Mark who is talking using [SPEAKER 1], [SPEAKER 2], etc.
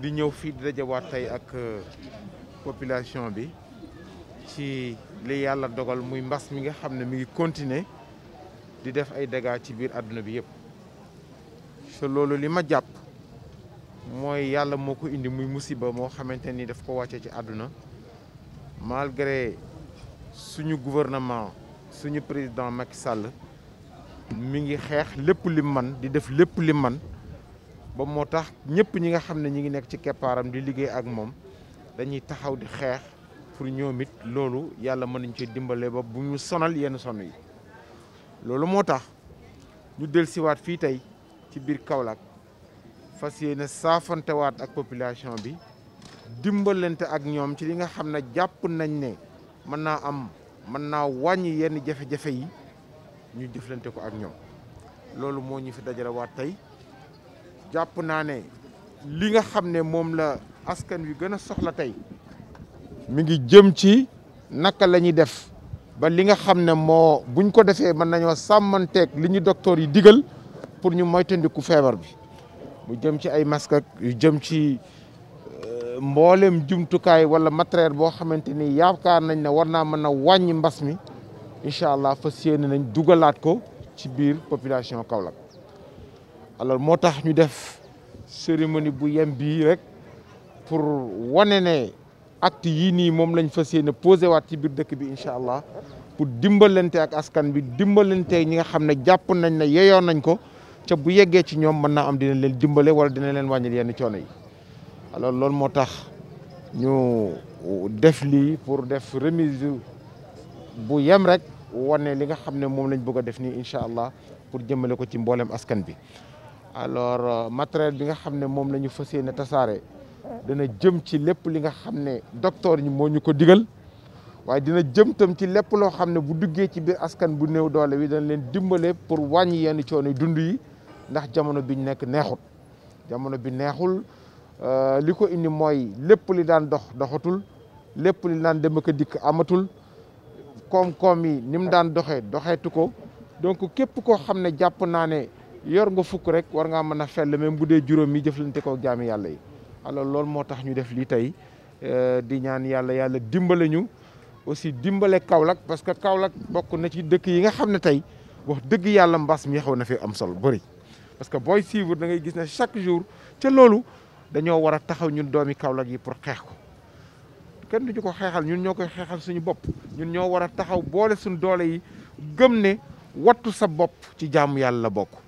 [SPEAKER 1] di ñëw fii di dajawaat tey ak euh, population bi ci li yàlla dogal muy mbas mi nga xam ne mi ngi continuer di def ay dégâts ci biir àdduna bi yëpp te loolu li ma jàpp mooy yàlla moo ko indi muy musiba moo xamante ni daf ko wàcce ci àdduna malgré suñu gouvernement suñu président Macky Sall mu ngi xeex lépp lim man di def lépp lim man ba moo tax ñëpp ñi nga xam ne ñi ngi nekk ci keppaaram di liggéey ak moom dañuy taxaw di xeex pour ñoom it loolu yàlla mën nañ ci dimbale ba bu ñu sonal yenn son yi loolu moo tax ñu dellusiwaat fii tey ci biir Kaolack fas yéene saafantewaat ak population bi dimbalante ak ñoom ci li nga xam ne jàpp nañ ne mën naa am man naa wàññi yenn jafe-jafe yi ñu jëflante ko ak ñoom loolu moo ñu fi dajale waat tey jàpp naa ne li nga xam ne moom la askan wi gën a soxla tey mu ngi jëm ci naka la ñuy def ba li nga xam ne moo buñ ko defee mën nañoo sàmmanteeg li ñu docteur yi digal pour ñu moytandiku feebar bi mu jëm ci ay masque yu jëm ci mboolem jumtukaay wala matériel boo xamante ni yaakaar nañ ne war naa mën a wàññi mbas mi incha allah fas yéene nañ dugalaat ko ci biir population Kaolack alors moo tax ñu def cérémonie bu yem bii rek pour wane ne acte yii nii moom lañ fas yéene posé waat ci biir dëkk bi incha allah pour dimbalante ak askan bi dimbalante ñi nga xam ne jàpp nañ ne yeyoon nañ ko ca bu yeggee ci ñoom mën naa am dina leen dimbale wala dina leen wàññil yenn coono yi. alors loolu moo tax ñu def li pour def remise bu yem rek wane li nga xam ne moom lañ bëgg a def nii incha allah pour jëmale ko ci mboolem askan bi alors euh, matériel bi nga xam ne moom la ñu fas yéene tasaare dana jëm ci lépp li nga xam ne docteur ñi moo ñu ko digal waaye dina jëm tam ci lépp loo xam ne bu duggee ci biir askan bu néew doole wi dañ leen dimbale pour wàññi yenn coono dund yi ndax jamono biñ nekk neexul jamono bi neexul Euh, li ko indi mooy lépp li daan dox doxatul lépp li daan dem ak dikk amatul koom-koom yi ni mu daan doxee doxeetu ko donc képp koo xam ne jàpp naa ne yor nga fukk rek war ngaa mën a fell même bu dee juróom yi jëflante ko jaami yàlla yi alors loolu moo tax ñu def lii tey euh, di ñaan yàlla yàlla dimbale ñu aussi dimbale Kaolack parce que Kaolack bokk na ci dëkk yi nga xam ne tey wax dëgg yàlla mbas mi xaw na fi am solo bëri parce que booy suivre da ngay gis ne chaque jour te loolu dañoo war a taxaw ñun doomi Kaolack yi pour xeex ko kenn duñu ko xeexal ñun ñoo koy xeexal suñu bopp ñun ñoo war a taxaw boole suñu doole yi gëm ne wattu sa bopp ci jaamu yàlla la bokk